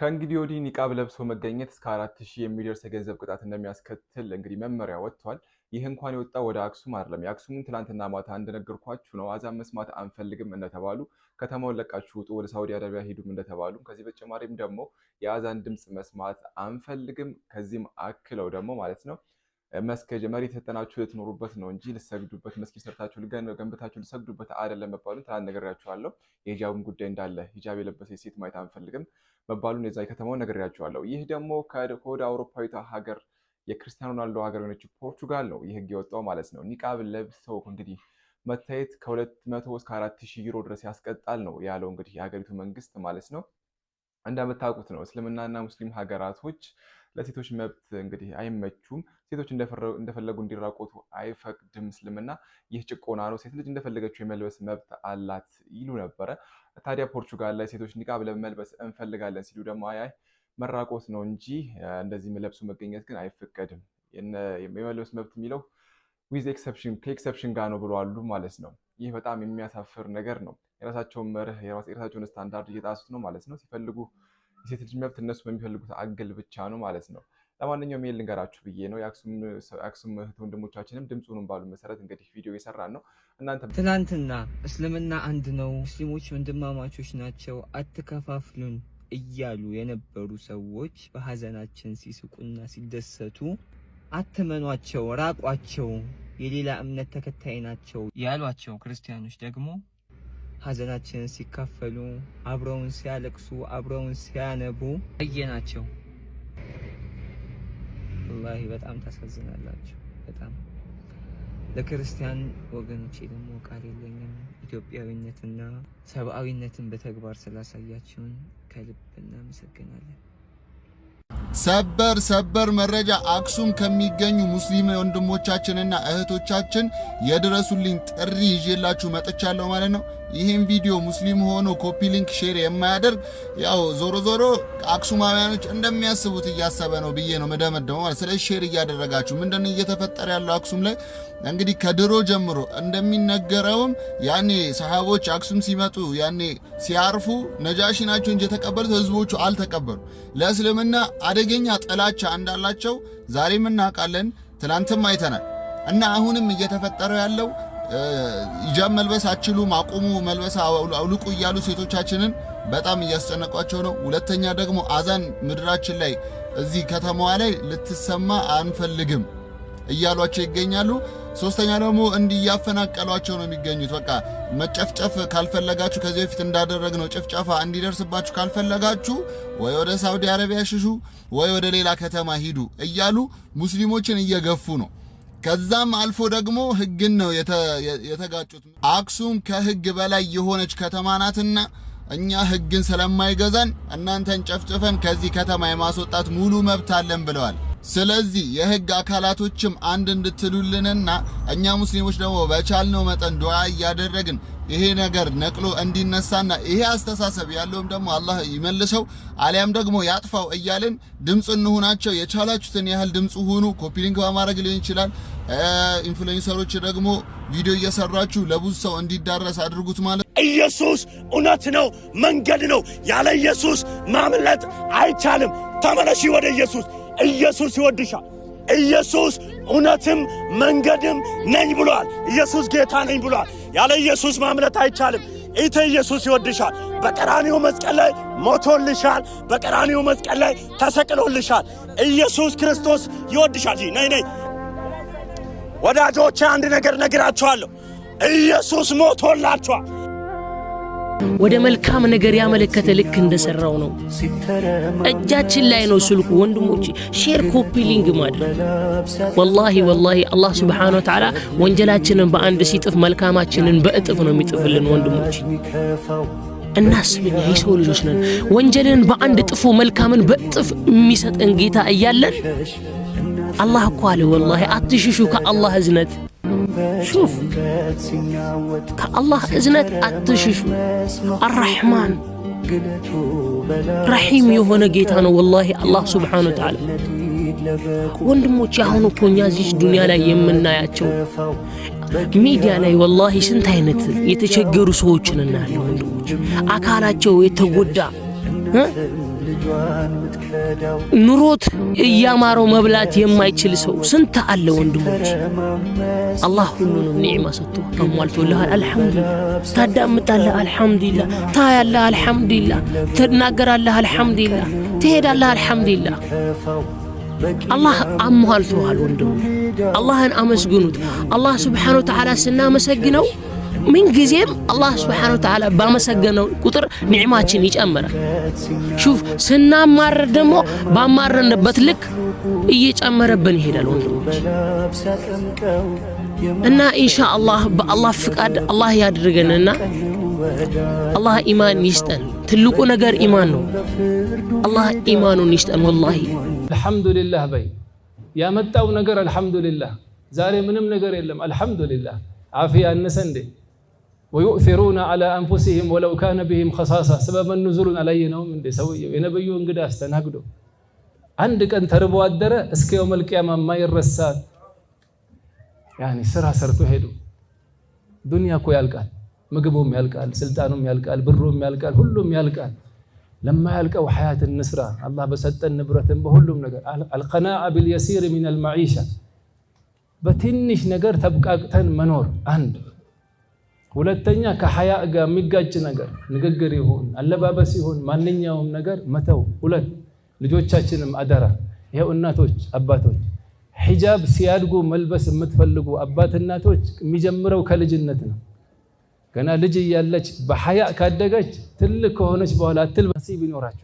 ከእንግዲህ ወዲህ ኒቃብ ለብሶ መገኘት እስከ አራት ሺህ የሚደርስ የገንዘብ ቅጣት እንደሚያስከትል እንግዲህ መመሪያ ወጥቷል። ይህ እንኳን የወጣ ወደ አክሱም አይደለም። የአክሱሙን ትናንትና ማታ እንደነገርኳችሁ ነው። አዛም መስማት አንፈልግም እንደተባሉ ከተማውን ለቃችሁ ውጡ፣ ወደ ሳውዲ አረቢያ ሂዱም እንደተባሉ ከዚህ በተጨማሪም ደግሞ የአዛን ድምፅ መስማት አንፈልግም ከዚህም አክለው ደግሞ ማለት ነው መስገጃ መሬት የተጠናችሁ ልትኖሩበት ነው እንጂ ልሰግዱበት መስጊድ ሰርታችሁ ገንብታችሁ ልሰግዱበት አይደለም መባሉን ትናንት ነግሬያችኋለሁ። የሂጃብም ጉዳይ እንዳለ ሂጃብ የለበሰ ሴት ማየት አንፈልግም መባሉን የዛ ከተማው ነግሬያችኋለሁ። ይህ ደግሞ ከወደ አውሮፓዊቷ ሀገር የክርስቲያኖ ሮናልዶ ሀገር የሆነች ፖርቹጋል ነው ይህ ህግ የወጣው ማለት ነው። ኒቃብ ለብሰው እንግዲህ መታየት ከሁለት መቶ እስከ አራት ሺህ ዩሮ ድረስ ያስቀጣል ነው ያለው እንግዲህ የሀገሪቱ መንግስት ማለት ነው። እንደምታውቁት ነው እስልምናና ሙስሊም ሀገራቶች ለሴቶች መብት እንግዲህ አይመቹም። ሴቶች እንደፈለጉ እንዲራቆቱ አይፈቅድም እስልምና። ይህ ጭቆና ነው፣ ሴት ልጅ እንደፈለገችው የመልበስ መብት አላት ይሉ ነበረ። ታዲያ ፖርቹጋል ላይ ሴቶች ኒቃብ ለመልበስ እንፈልጋለን ሲሉ ደግሞ አይ መራቆት ነው እንጂ እንደዚህ ለብሱ መገኘት ግን አይፈቀድም የመልበስ መብት የሚለው ዊዝ ኤክሰፕሽን ከኤክሰፕሽን ጋር ነው ብለዋሉ ማለት ነው። ይህ በጣም የሚያሳፍር ነገር ነው። የራሳቸውን መርህ የራሳቸውን ስታንዳርድ እየጣሱት ነው ማለት ነው ሲፈልጉ የሴት ልጅ መብት እነሱ በሚፈልጉት አግል ብቻ ነው ማለት ነው። ለማንኛውም ይሄን ልንገራችሁ ብዬ ነው። የአክሱም እህት ወንድሞቻችንም ድምፁንም ባሉ መሰረት እንግዲህ ቪዲዮ የሰራን ነው። እናንተ ትናንትና እስልምና አንድ ነው፣ ሙስሊሞች ወንድማማቾች ናቸው፣ አትከፋፍሉን እያሉ የነበሩ ሰዎች በሀዘናችን ሲስቁና ሲደሰቱ አትመኗቸው፣ ራቋቸው፣ የሌላ እምነት ተከታይ ናቸው ያሏቸው ክርስቲያኖች ደግሞ ሀዘናችንን ሲካፈሉ አብረውን ሲያለቅሱ አብረውን ሲያነቡ አየናቸው። ወላሂ በጣም ታሳዝናላችሁ። በጣም ለክርስቲያን ወገኖቼ ደግሞ ቃል የለኝም። ኢትዮጵያዊነትና ሰብአዊነትን በተግባር ስላሳያችሁን ከልብ እናመሰግናለን። ሰበር ሰበር መረጃ አክሱም ከሚገኙ ሙስሊም ወንድሞቻችንና እህቶቻችን የድረሱልኝ ጥሪ ይዤላችሁ መጥቻለሁ ማለት ነው። ይህም ቪዲዮ ሙስሊም ሆኖ ኮፒ ሊንክ ሼር የማያደርግ ያው ዞሮ ዞሮ አክሱማውያኖች እንደሚያስቡት እያሰበ ነው ብዬ ነው መደመደመ ማለት። ስለዚህ ሼር እያደረጋችሁ ምንድን እየተፈጠረ ያለው አክሱም ላይ እንግዲህ ከድሮ ጀምሮ እንደሚነገረውም ያኔ ሰሃቦች አክሱም ሲመጡ ያኔ ሲያርፉ ነጃሺ ናቸው እንጂ የተቀበሉት ህዝቦቹ አልተቀበሉ። ለእስልምና አደገኛ ጥላቻ እንዳላቸው ዛሬም እናውቃለን፣ ትናንትም አይተናል። እና አሁንም እየተፈጠረው ያለው ኢጃብ መልበስ አችሉም፣ አቁሙ መልበስ አውልቁ እያሉ ሴቶቻችንን በጣም እያስጨነቋቸው ነው። ሁለተኛ ደግሞ አዛን ምድራችን ላይ እዚህ ከተማዋ ላይ ልትሰማ አንፈልግም እያሏቸው ይገኛሉ። ሶስተኛ ደግሞ እንዲያፈናቀሏቸው ነው የሚገኙት። በቃ መጨፍጨፍ ካልፈለጋችሁ ከዚህ በፊት እንዳደረግ ነው ጭፍጨፋ እንዲደርስባችሁ ካልፈለጋችሁ ወይ ወደ ሳውዲ አረቢያ ሽሹ፣ ወይ ወደ ሌላ ከተማ ሂዱ እያሉ ሙስሊሞችን እየገፉ ነው። ከዛም አልፎ ደግሞ ህግን ነው የተጋጩት። አክሱም ከህግ በላይ የሆነች ከተማ ናትና እኛ ህግን ስለማይገዛን እናንተን ጨፍጭፈን ከዚህ ከተማ የማስወጣት ሙሉ መብት አለን ብለዋል። ስለዚህ የህግ አካላቶችም አንድ እንድትሉልንና እኛ ሙስሊሞች ደግሞ በቻልነው መጠን ዱዓ እያደረግን ይሄ ነገር ነቅሎ እንዲነሳና ይሄ አስተሳሰብ ያለውም ደግሞ አላህ ይመልሰው አሊያም ደግሞ ያጥፋው እያልን ድምፅ እንሁናቸው። የቻላችሁትን ያህል ድምፅ ሁኑ። ሊንክ በማድረግ ሊሆን ይችላል። ኢንፍሉዌንሰሮች ደግሞ ቪዲዮ እየሰራችሁ ለብዙ ሰው እንዲዳረስ አድርጉት። ማለት ኢየሱስ እውነት ነው፣ መንገድ ነው። ያለ ኢየሱስ ማምለጥ አይቻልም። ተመለሺ ወደ ኢየሱስ ኢየሱስ ይወድሻል። ኢየሱስ እውነትም መንገድም ነኝ ብሏል። ኢየሱስ ጌታ ነኝ ብሏል። ያለ ኢየሱስ ማምለት አይቻልም። ኢተ ኢየሱስ ይወድሻል። በቀራኒው መስቀል ላይ ሞቶልሻል። በቀራኒው መስቀል ላይ ተሰቅሎልሻል። ኢየሱስ ክርስቶስ ይወድሻል። ነይ ነይ ወዳጆቼ፣ አንድ ነገር ነግራችኋለሁ። ኢየሱስ ሞቶላችኋል። ወደ መልካም ነገር ያመለከተ ልክ እንደሰራው ነው። እጃችን ላይ ነው ስልኩ። ወንድሞች ሼር፣ ኮፒ ሊንግ ማድረግ ወላሂ ወላሂ አላህ ስብሓነሁ ወተዓላ ወንጀላችንን በአንድ ሲጥፍ መልካማችንን በእጥፍ ነው የሚጥፍልን። ወንድሞች እናስብኛ፣ የሰው ልጆች ነን። ወንጀልን በአንድ ጥፎ መልካምን በእጥፍ የሚሰጠን ጌታ እያለን አላህ እኮ አለ ወላሂ አትሽሹ ከአላህ እዝነት ሹፍ ከአላህ እዝነት አትሽሹ። አራሕማን ረሒም የሆነ ጌታ ነው። ወላሂ አላህ ሱብሓነ ወተዓላ ወንድሞች፣ አሁን እኮ እኛ እዚህ ዱንያ ላይ የምናያቸው ሚዲያ ላይ ወላሂ ስንት አይነት የተቸገሩ ሰዎችን እናያለን። ወንድሞች አካላቸው የተጎዳ ኑሮት እያማረው መብላት የማይችል ሰው ስንት አለ ወንድሞች። አላህ ሁሉንም ኒዕማ ሰጥቶ አሟልቶልሃል። አልሐምዱሊላ ታዳምጣለህ፣ አልሐምዱሊላ ታያለህ፣ አልሐምዱሊላ ትናገራለህ፣ አልሐምዱሊላ ትሄዳለህ፣ አልሐምዱሊላ አላህ አሟልቶሃል ወንድሙ። አላህን አመስግኑት። አላህ ስብሓነ ወተዓላ ስናመሰግነው ምንጊዜም አላህ ስብሓነ ወተዓላ ባመሰገነው ቁጥር ኒዕማችን ይጨምራል። ሹፍ ስናማር ደግሞ ባማረንበት ልክ እየጨመረብን ይሄዳል ወንድሞች እና ኢንሻ አላህ በአላህ ፍቃድ አላህ ያድርገንና አላህ ኢማን ይስጠን። ትልቁ ነገር ኢማን ነው። አላህ ኢማኑን ይስጠን። ወላሂ አልሐምዱሊላህ በይ ያመጣው ነገር አልሐምዱሊላህ። ዛሬ ምንም ነገር የለም አልሐምዱሊላህ። አፍ ያነሰ እንዴ? ወዩእሩና አላ አንፉሲህም ወለው ካነ ቢሂም ከሳሳ ሰበበ ኑዙሉን አላየነውም እንደ ሰውየው የነብዩ እንግዳ አስተናግዶ አንድ ቀን ተርቦ አደረ። እስከ የውመል ቂያማ የማይረሳ ስራ ሰርቶ ሄዱ። ዱንያ እኮ ያልቃል፣ ምግቡም ያልቃል፣ ስልጣኑም ያልቃል፣ ብሩም ያልቃል፣ ሁሉም ያልቃል። ለማያልቀው ሐያት እንስራ። አላህ በሰጠን ንብረትን በሁሉም ነገር አልቀናዓ ቢልየሲር ሚነል መዒሻ በትንሽ ነገር ተብቃቅተን መኖር አንድ ሁለተኛ ከሀያ ጋር የሚጋጭ ነገር ንግግር ይሁን አለባበስ ይሁን ማንኛውም ነገር መተው። ሁለት ልጆቻችንም አደራ ይኸው እናቶች፣ አባቶች ሒጃብ ሲያድጉ መልበስ የምትፈልጉ አባት እናቶች፣ የሚጀምረው ከልጅነት ነው። ገና ልጅ እያለች በሀያ ካደገች ትልቅ ከሆነች በኋላ ትል ነሲብ ይኖራችኋል።